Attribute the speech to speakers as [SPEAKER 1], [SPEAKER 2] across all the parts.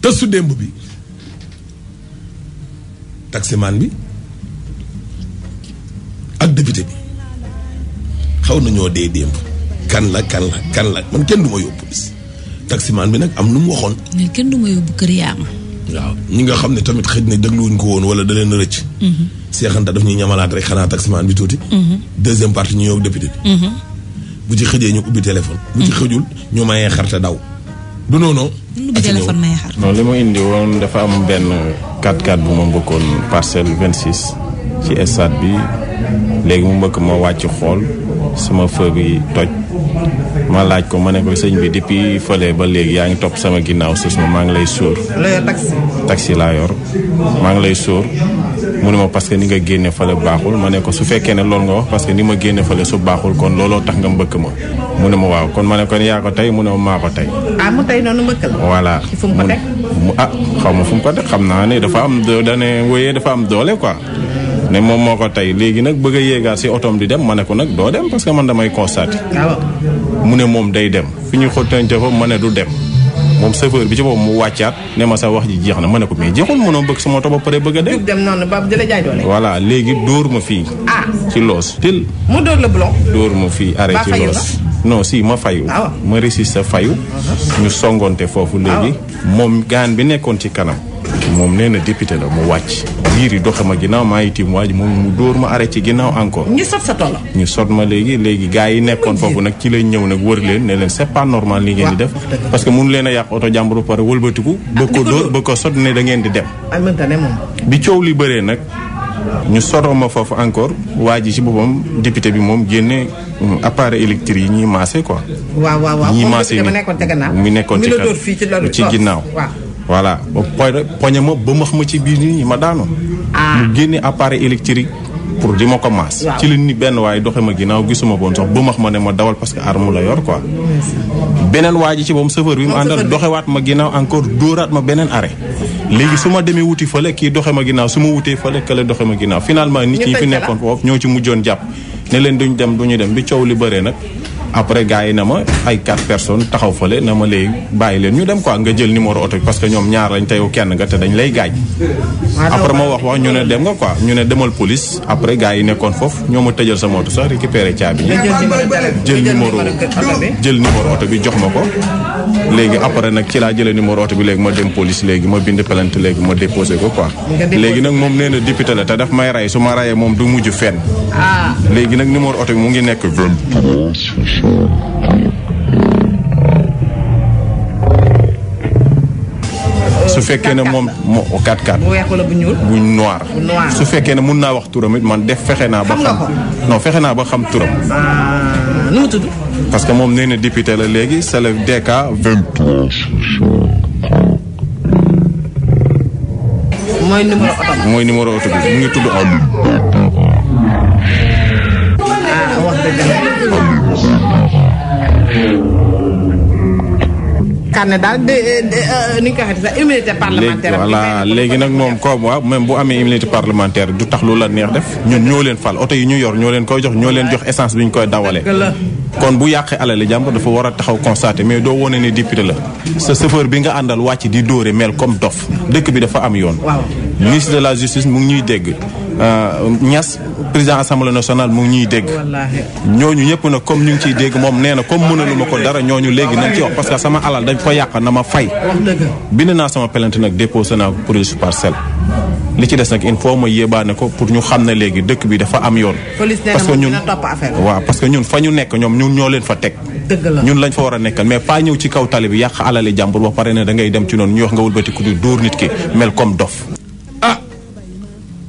[SPEAKER 1] tëstu démb bi taximaan bi ak député bi na nañoo dee démb kan la kan la kan la man kenn du yóbbu bis taximaan bi nag am lu mu waxoon.
[SPEAKER 2] mais kenn du ma yóbbu kër yaama.
[SPEAKER 1] waaw ñi nga xam ne tamit xëj na dégluwuñ ko woon wala da leen rëcc. Mm-hmm. seexanta daf ñuy ñamalaat rek xanaa taximaan bi tuuti. Mm-hmm. deuxième partie ñu yow député bi. Mm-hmm. bu ci xëjee ñu ubbi téléphone. bu ci xëjul ñu mayee xarte daw. du noonu.
[SPEAKER 2] du téléphone may
[SPEAKER 1] xar. non li mu indi woon dafa am benn 4-4 bu ma mbëkkoon parcelle vingt 26 ci stade bi léegi mu mbëkk ma wàcc xool sama feu bi toj ma laaj ko ma ne ko sëñ bi depuis fële ba léegi yaa ngi topp sama ginnaaw suus ma maa ngi lay sóor. looy laa yor maa ngi lay sóor mu ne ma parce que ni nga génne fale baaxul ma ne ko su fekkee ne loolu nga wax parce que ni ma génne fale su baaxul kon looloo tax nga mbëkk ma mu ne ma waaw kon ma ne ko yaa ko tey mu ne maa ko tey. ah voilà fu mu ko mu ah xaw ma fu mu ko xam naa ne dafa am da ne wéyee dafa am doole ko ne moom moo ko tey léegi nag bëgg a yéegaat si otoom di dem ma ne ko nag doo dem parce que man damay constaté. Ah mu ne moom day dem fi ñu xottante fa ma ne du dem. moom chauffeur bi ci boobu mu wàccaat ne ma sa wax ji jeex na ma ne ko mais jeexul mënoo bëgg sama moto ba pare bëgga a dem. dem noonu ba voilà léegi dóor ma fii. Ah. ci loos til. mu dóor la blon. dóor ma fii arrêté ci loos. non si ma fayu. Ah. ma résister fayu. Ah. ñu songoonte foofu léegi. moom gaan bi nekkoon ci kanam. moom nee na la mu wàcc. biir yi doxe ma ginnaaw maa ngi tiim waaj moom mu dóor ma arrêté ci ginnaaw encore. ñu sot ma léegi léegi gars yi nekkoon foofu nag ci lay ñëw nag wër leen ne leen c'est pas normal li ngeen di def. parce que mënu leen a yàq oto jàmbur pare wëlbatiku. Ah, bëgg ko dóor bëgg ko sot ne da ngeen di dem. bi coow li bëree nag. ñu soroo ma foofu encore waa ji ci boppam député bi moom génne mm, appareil électrique yi ñuy maase ko
[SPEAKER 2] waaw waaw waaw ñuy maase ni mu nekkoon ci ginnaaw.
[SPEAKER 1] voilà ba poñ poñe ma ba max ma ci biir nit ñi ma daanu. mu ah. génne appareil électrique pour di ma ko maas. ci li ni benn waaye doxe ma ginnaaw gisuma boon sax ba max ma ne ma dawal parce que arme la yor quoi. beneen waa ci moom chauffeur bi mu àndal doxewaat ma ginnaaw encore dóoraat ma beneen arrêt. léegi su ma demee wuti fële kii doxe ma ginnaaw su ma wutee fële kële doxe ma ginnaaw finalement. nit ñi fi nekkoon foofu ñoo ci mujjoon jàpp. ne leen duñ dem duñu dem bi coow li bëree nag. après gars yi na ma ay quatre personnes taxaw fale na ma léegi bàyyi leen ñu dem ko ak nga jël numéro oto bi parce que ñoom ñaar lañ te yow kenn nga te dañ lay gaañ après ma wax wax ñu ne dem nga quoi ñu ne demal police après gars yi nekkoon foofu ñoo ma tëjal sama oto sax récupéré caabi yi jël numéro jël numéro oto bi jox ma ko léegi après nag ci laa jëlee numéro oto bi léegi ma dem police léegi ma bind plainte léegi ma déposé ko quoi léegi nag moom nee na te daf may rey su ma reyee moom du mujj fenn ah. léegi nag numéro oto mu ngi nekk su fekkee ne moom moo 4-4. bu noir. su fekkee ne mun naa wax turam it man def fexe naa. ba
[SPEAKER 2] xam
[SPEAKER 1] fexe naa ba xam turam. parce que moom nee na député la léegi c'est le DK 23. mooy numéro mooy numéro oto mu ngi tudd am
[SPEAKER 2] yaakaar daal de euh,
[SPEAKER 1] ni léegi nag moom comme waaw même bu amee immunité parlementaire du tax lu la neex def ñun ñoo leen fal oto yi ñu yor ñoo leen koy jox ñoo leen jox essence bi ñu koy dawalee. kon bu yàqee alali jàmbur dafa war a taxaw constaté mais doo wone ne député la sa chauffeur bi nga àndal wàcc di dóore mel comme dof dëkk bi dafa am yoon. ministre de la justice mu ngi ñuy dégg euh, Niass. président assemblée nationale mu ngi ñuy dégg ñooñu ñëpp nag comme ñu ngi dégg moom nee na comme mënalu ma ko dara ñooñu léegi nañ ci wax parce sama alal dañ ko yàq na ma fay bind naa sama plainte nag déposé naa pour ci des nag il faut ma yéebaane ko pour ñu xam ne léegi dëkk bi dafa am yoon
[SPEAKER 2] parce que ñun waaw
[SPEAKER 1] parce que ñun fa ñu nekk ñoom ñun ñoo leen fa teg ñun lañ fa war a nekkal mais pas ñëw ci kaw tali bi yàq alali jàmbur ba pare dem ci noonu ñu wax nga wëlbati ku dóor nit ki mel comme dof ah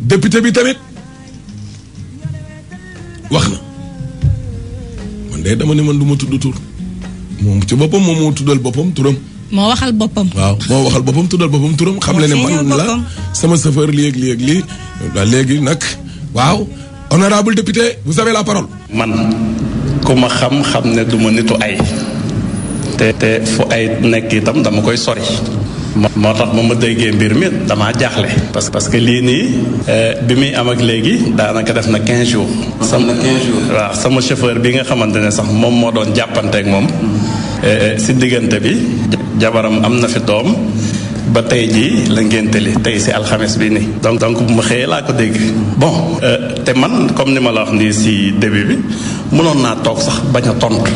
[SPEAKER 1] député bi tamit wax na man de dama ne man du ma tudd tur moom ci boppam moom moo tuddal boppam turam.
[SPEAKER 2] moo waxal boppam. waaw
[SPEAKER 1] moo waxal boppam tuddal boppam turam. xam le ne man la sama chauffeur lii ak li ak lii léegi nag
[SPEAKER 2] waaw. honorable député bu avez la parole. man ku ma xam xam ne du ma nitu ay. te te fu ay nekk itam dama koy sori. moo tax ba ma déggee mbir mi damaa jaaxle. parce que parce que lii nii euh, bi muy am ak léegi daanaka def na quinze jours. sama 15 jours waaw sama chauffeur bi nga xamante ne sax moom moo doon jàppanteek moom. Euh, euh, si diggante bi. jabaram am na fi doom. ba tey jii la ngénte li tey si alxames bi nii. donc donc bu ma xëyee laa ko dégg bon euh, te man comme ni ma la wax nii si début bi mënoon naa toog sax bañ a tontu.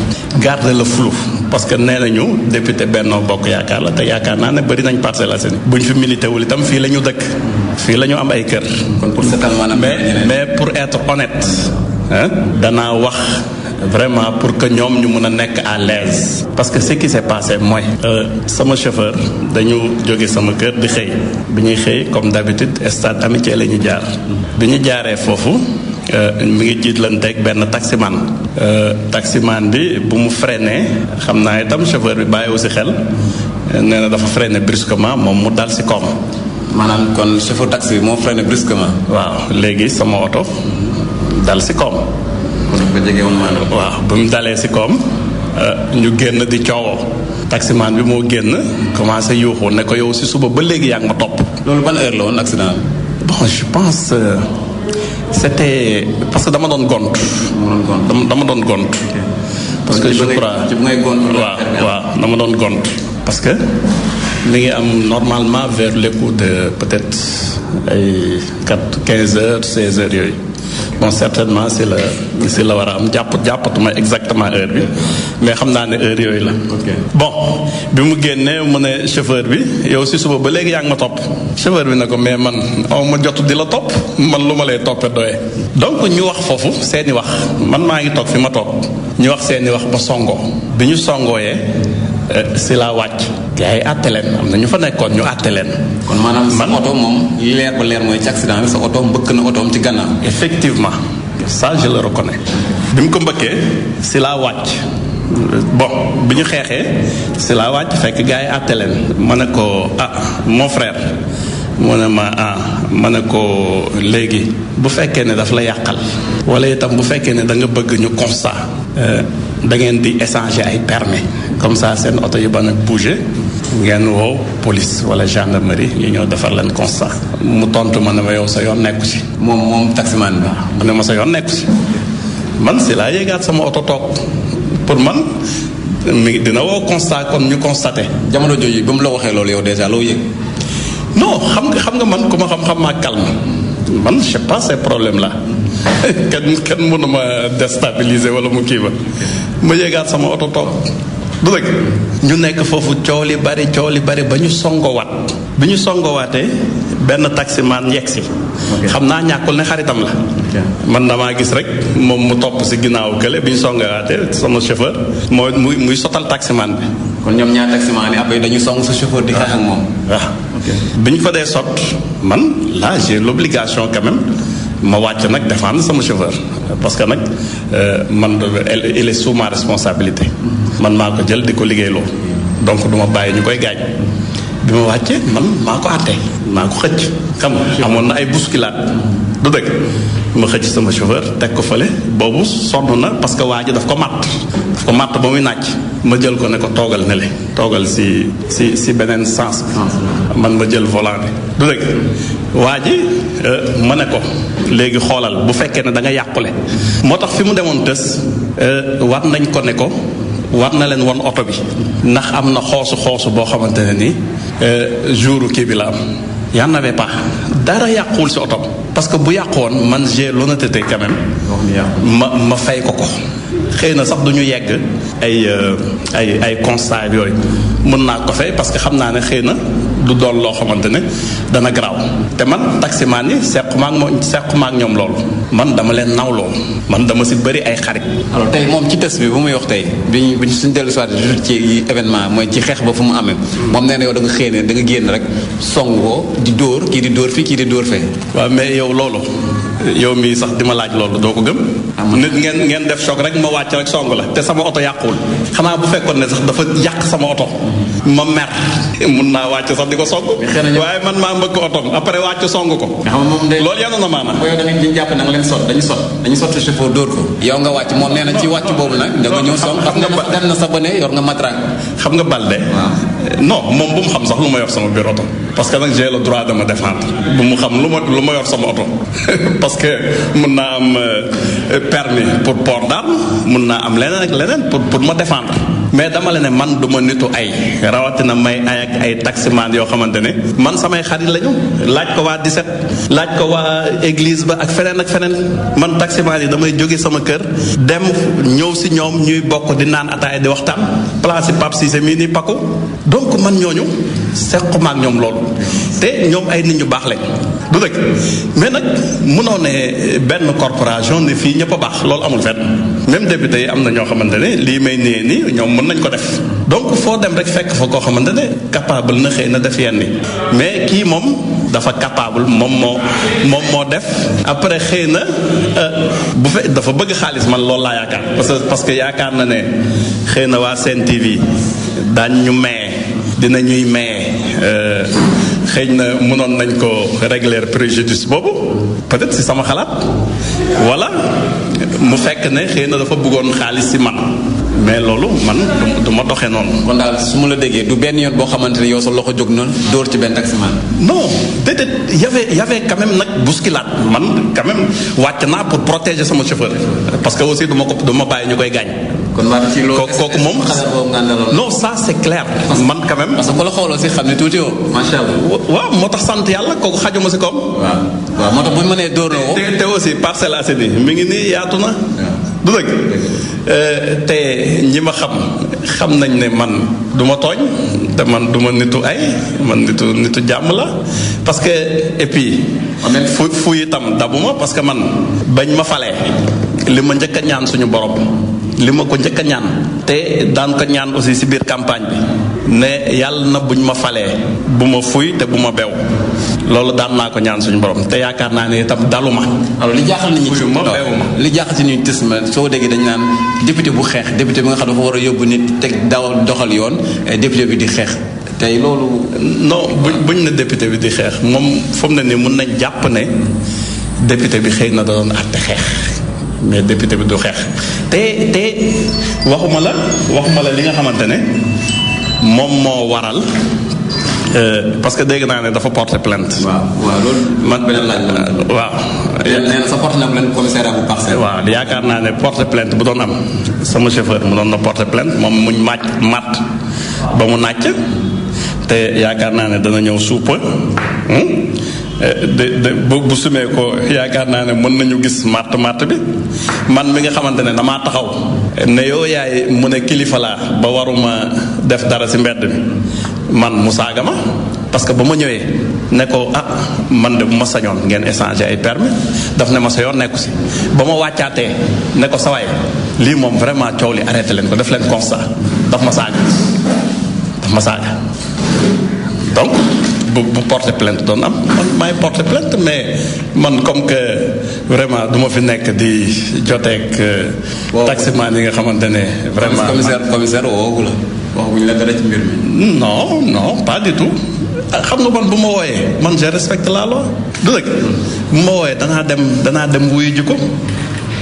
[SPEAKER 2] garde la flou parce que nee ñu député Benno Bokk Yaakaar la te yaakaar naa ne bari nañ Parcelles Assainies bu ñu fi milité wul itam fii la ñu dëkk. fii la ñu am ay kër. kon pour mais pour être honnête. danaa wax. vraiment pour que ñom ñu mëna nek à l'aise parce que ce qui s'est passé moi mooy euh, sama chauffeur dañu joggé sama kër di xey biñuy xey comme d'habitude stade amitié lañu jaar biñu jaaré fofu euh mi ngi jiitlanteeg benn taximan euh, taximan bi bu mu freiné xamna itam chauffeur bi bàyyiwu si xel néna dafa freiné brusquement mom mu dal ci koom maanaam kon chauffeur taxi mo moo freiné brusquement waaw légui sama auto dal ci koom waaw ba mu dalee si koom euh, ñu génn di coowoo taximaan bi moo génn commencé yuuxu ne ko yow si suba ba léegi yaa nga ma topp. loolu ban heure la woon accident bon je pense euh, c'était parce que dama doon gont. dama doon gont. parce que je crois waaw waaw dama doon gont. parce que mi ngi am normalement vers les de peut-être. ay quatre quinze heures seize heures yooyu bon certainement si la si la war a am jàpp jàppatuma exactement heure bi mais xam naa ne heures yooyu la. bon bi mu génnee mu ne chauffeur bi yow si suba ba léegi yaa ngi ma topp. chauffeur bi na ko mais man aw ma jot di la topp man lu ma lay toppee doye. donc ñu wax foofu seeni wax man maa ngi toog fi ma toog ñu wax seeni wax ba songoo bi ñu songooyee euh, si laa wàcc. gars yi àtte am na ñu fa nekkoon ñu àtte kon maanaam sa oto moom leer ba leer mooy ci accident bi sa oto mbëkk na otoom ci gannaaw. effectivement ça je le reconnais. bi mu ko mbëkkee si la wàcc. bon bi ñu xeexee si laa wàcc fekk gars yi àtte ma ne ko ah mon frère mu ne ma ah ma ne ko léegi bu fekkee ne daf la yàqal wala itam bu fekkee ne da nga bëgg ñu constat euh, da ngeen di échanger ay permis comme ça seen oto yi ban a bouger ngeen woow police wala gendarmerie ñu ñëw defar leen constat mu tontu ma ne ma yow sa yoon nekku ci moom moom taximan ba mu ne ma sa yoon nekku man si laa yéegaat sama oto toog pour man mi dina woo constat kon ñu constaté jamono jooju ba mu la waxee loolu yow dèjà loo yëg non xam nga xam nga man ku ma xam xam maa calme man je sais pas ces problèmes là kenn kenn mënu ma déstabiliser wala mu kii ma ma sama oto toog du dëgg ñu nekk foofu coow li bari coow li bari ba ñu songowaat bi ñu songowaatee benn taximaan yegg si xam naa ñàkkul ne xaritam la man damaa gis rek moom mu topp si ginnaaw kële bi ñu songowaatee sama chauffeur mooy muy muy sotal taximaan bi kon ñoom ñaar taximaan yi après dañu song sa chauffeur di xeex ak moom waaw ah. bi ñu fa dee sot man là j'ai l'obligation quand ma wàcc nag défendre sama chauffeur parce que nag euh, man il est sous responsabilité man maa ko jël di ko liggéeyloo donc duma bàyyi ñu koy gaañ bi ma wàccee man maa ko àtte maa ko xëcc xam nga amoon na ay bousculade du dëgg ma xëcc sama chauffeur teg ko fële boobu sonn na parce que waa ji daf ko matt daf ko matt ba muy nàcc ma jël ko ne ko toogal ne le toogal si si si beneen sens bi man ma jël volant du dëgg waa ji euh, ma ne ko léegi xoolal bu fekkee ne da nga yàqule moo tax fi mu demoon tës euh, war nañ ko ne ko war na leen won oto bi ndax am na xoosu xoosu boo xamante ne ni euh, jouru kii bi la am y en avait pas dara yàquwul si oto parce que bu yàqoon man j'ai l'honnêteté quand même ma ma fay ko ko xëy na sax du ñu yegg ay ay ay constat yooyu mën naa ko fay parce que xam naa ne xëy na du doon loo xamante ne dana garaaw te man taximaan yi sequma ak moom sequma ak ñoom loolu man dama leen nawloo man dama si bëri ay xarit. alors tey moom ci test bi bu muy wax tey bi bi suñ dellu soit ci événement mooy ci xeex ba fu mu amee. moom nee da nga xëy génn rek song ko di dóor kii di dóor fii kii di dóor fee. waaw mais yow loolu yow mii sax di ma laaj loolu doo ko gëm. Ah, nit ngeen ngeen def choc rek ma wàcc rek song la te sama oto yàquwul xanaa bu fekkoon ne sax dafa yàq sama oto. ma mer mun naa wàcc sax di ko song. waaye man maa mbëkk otom après wàcc song ko. loolu yàlla na maanaam. yow da ngeen di jàpp na nga leen sot dañu sot dañu sot sa chauffeur dóor ko. yow nga wàcc moom na ci wàcc boobu nag. da xam nga ba dem na sa bëne nga matraque. xam moom bu mu xam sax lu ma yor sama biir oto. parce que nag j'ai le droit de me défendre. bu mu xam lu ma lu ma yor sama oto. parce que mun naa am euh, permis pour port d'arme mun naa am leneen leneen pour pour ma défendre. mais dama la ne man du ma nitu ay rawatina may ay ak ay taximaan yoo xamante ne man samay xarit lañu laaj ko waa diset laaj ko waa église ba ak feneen ak feneen man taximaan yi damay jóge sama kër dem ñëw si ñoom ñuy bokk di naan ataay di waxtaan place Pape Cissé mii nii Paco donc man ñooñu sequma ak ñoom loolu te ñoom ay nit ñu baax lañ du dëkk mais nag mënoo ne benn corporation ne fii ñëpp a baax loolu amul fenn même député yi am na ñoo xamante ne lii may nee nii ñoom mën nañ ko def donc foo dem rek fekk fa koo xamante ne capable na xëy na def yenn mais kii moom dafa capable moom moo moom moo def après xëy na euh, bu fe dafa bëgg xaalis man loolu laa yaakaar parce que parce que yaakaar na ne xëy na waa Sen TV daañ ñu maye dina ñuy maye euh, xëy na mënoon nañ ko régler préjudice boobu peut-être si sama xalaat voilà mu fekk ne xëy na dafa bëggoon xaalis si man mais loolu man du ma doxee noonu. kon daal su ma la déggee du benn yoon boo xamante ne yow sa loxo jóg noonu dóor ci benn taximan. non déedéet y avait y avait quand même nag bousculade man quand même wàcc naa pour protéger sama chauffeur parce que aussi du ma ko du ma bàyyi ñu koy gaañ. kon man ci kooku moom non ça c' est clair man quand même parce que ku xooloo si xam ne tuuti woo macha allah waaw moo tax sant yàlla kooku xajuma si koom waaw waaw moo tax bu ñu mënee woo te aussi parcelle mi ngi nii yaatu na du dëgg euh, te ñi ma xam xam nañ ne man du ma tooñ te man du ma nitu ay man nitu nitu jàmm la parce que et puis fu fu itam dabuma parce que man bañ ma falee li ma njëkk a ñaan suñu borom li ma ko njëkk a ñaan te daan ko ñaan aussi si biir campagne bi ne yàlla na buñ ma falee bu ma fuy te bu ma bew loolu daan naa ko ñaan suñu borom te yaakaar naa ne itam dalu ma. alors li jaaxal nit ñi ma li jaaxal si ñuy tis ma soo déggee dañu naan député bu xeex député bi nga xam ne dafa war a yóbbu nit teg daw doxal yoon député bi di xeex. tey loolu non buñ buñ na député bi di xeex moom foofu na ni mun nañ jàpp ne député bi xëy na da doon àtte xeex. mais député bi du xeex te te waxuma la waxuma la li nga xamante ne moom moo waral euh, parce que dégg naa ne dafa porter plainte. waaw waaw loolu. man beneen laaj la. Euh, waaw. nee na sa porte na plainte commissariat waaw yaakaar naa ne porter plainte bu doon am sama chauffeur mu doon na porter plainte moom muñ màcc màtt ba mu nàcc te yaakaar naa ne dana ñëw suupa hmm? de bu sumee ko yaakaar naa ne mën nañu gis màtt màtt bi man mi nga xamante ne damaa taxaw ne yow yaay mu ne kilifa laa ba waruma def dara ci mbedd mi man mu saaga ma parce que ba ma ñëwee ne ko ah man de bu ma sañoon ngeen échanger ay permis daf ne ma sa nekku si ba ma wàccaatee ne ko sawaay lii moom vraiment coow li arrêté leen ko def leen constat daf ma saaga daf ma saaga donc bu bu porte plainte doon am man maay porté plainte mais man comme que vraiment du ma fi nekk di joteeg. Euh, waaw taximan yi nga xamante ne. vraiment commissaire commissaire woowu la. waxuñ la dara ci mbir mi. non non pas du tout. Ah, xam nga man bu ma wooyee man je respecte la loi. du dëgg bu ma wooyee danaa dem danaa dem wuyu ji ko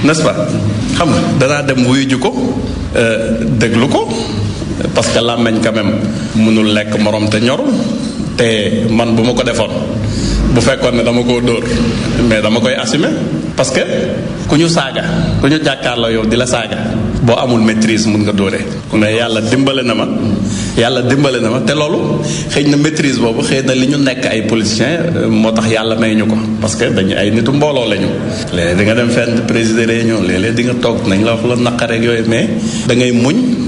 [SPEAKER 2] nest pas xam nga danaa dem wuyu ji ko euh, déglu ko parce que làmmeñ quand même mënul lekk morom te ñorul. te man bu ma ko defoon bu fekkoon ne dama koo dóor mais dama koy assumer parce que ku ñu saaga ku ñu jàkkaarloo yow di la saaga boo amul maîtrise mun nga dóore mais yàlla dimbale na ma yàlla dimbale na ma te loolu xëy na maîtrise boobu xëy na li ñu nekk ay politiciens euh, moo tax yàlla may ñu ko parce que dañu ay nitu mbooloo lañu léeg-léeg di nga dem fenn président réunion léeg-léeg di nga toog nañ la wax la naqareeg yooyu mais da ngay muñ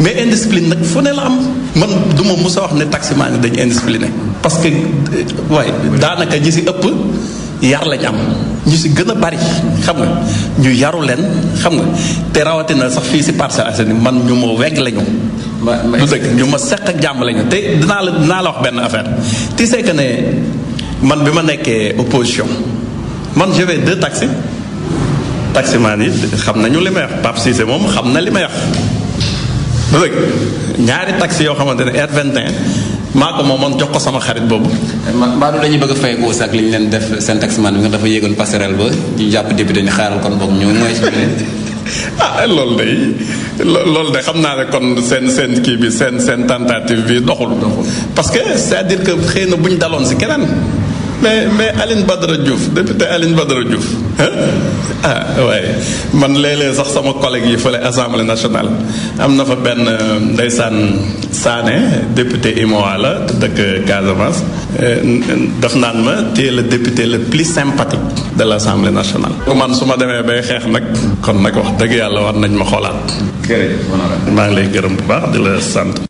[SPEAKER 2] mais indiscipline nag fu ne la am man du ma mus a wax ne taximaan yi dañu indiscipliné parce que waaye euh, daanaka ñi si ëpp yar lañ am ñu si gën a bari xam nga ñu yaru leen xam nga te rawatina sax fii si Parcelles Assainies man ñu ma wegg lañu du dëgg ñu ma seq ak jàmm lañu te dinaa la dinaa la wax benn affaire tu sais ne man bi ma nekkee opposition man je vais deux taximaan yi xam nañu li may wax Pape moom xam na li may wax ba rëg ñaari taxi yoo xamante ne vingt 21 maa ko moomoon jox ko sama xarit boobu. mbaa du dañuy bëgg a fay ko sax li ñu leen def seen taximan bi nga dafa yéegoon passerelle ba ñu jàpp député ni xaaral kon boobu boog ñëw mooy. ah loolu day loolu day xam naa ne kon seen seen kii bi seen seen tentative bi doxul. doxul parce que c'est-à-dire que xëy na bu ñu daloon si keneen. mais mais Aline Badara Diouf député Aline Badara jouf ah waaye man léeg-léeg sax sama collègue yi fële assemblée nationale am na fa benn euh, ndeysaan Saane député Imowa la te dëkk Casamance euh, daf naan ma téye le député le plus sympathique de l' assemblée nationale. man su ma demee bay xeex nag kon nag wax dëgg yàlla war nañ ma xoolaat. maa ngi lay gërëm bu baax di la sant.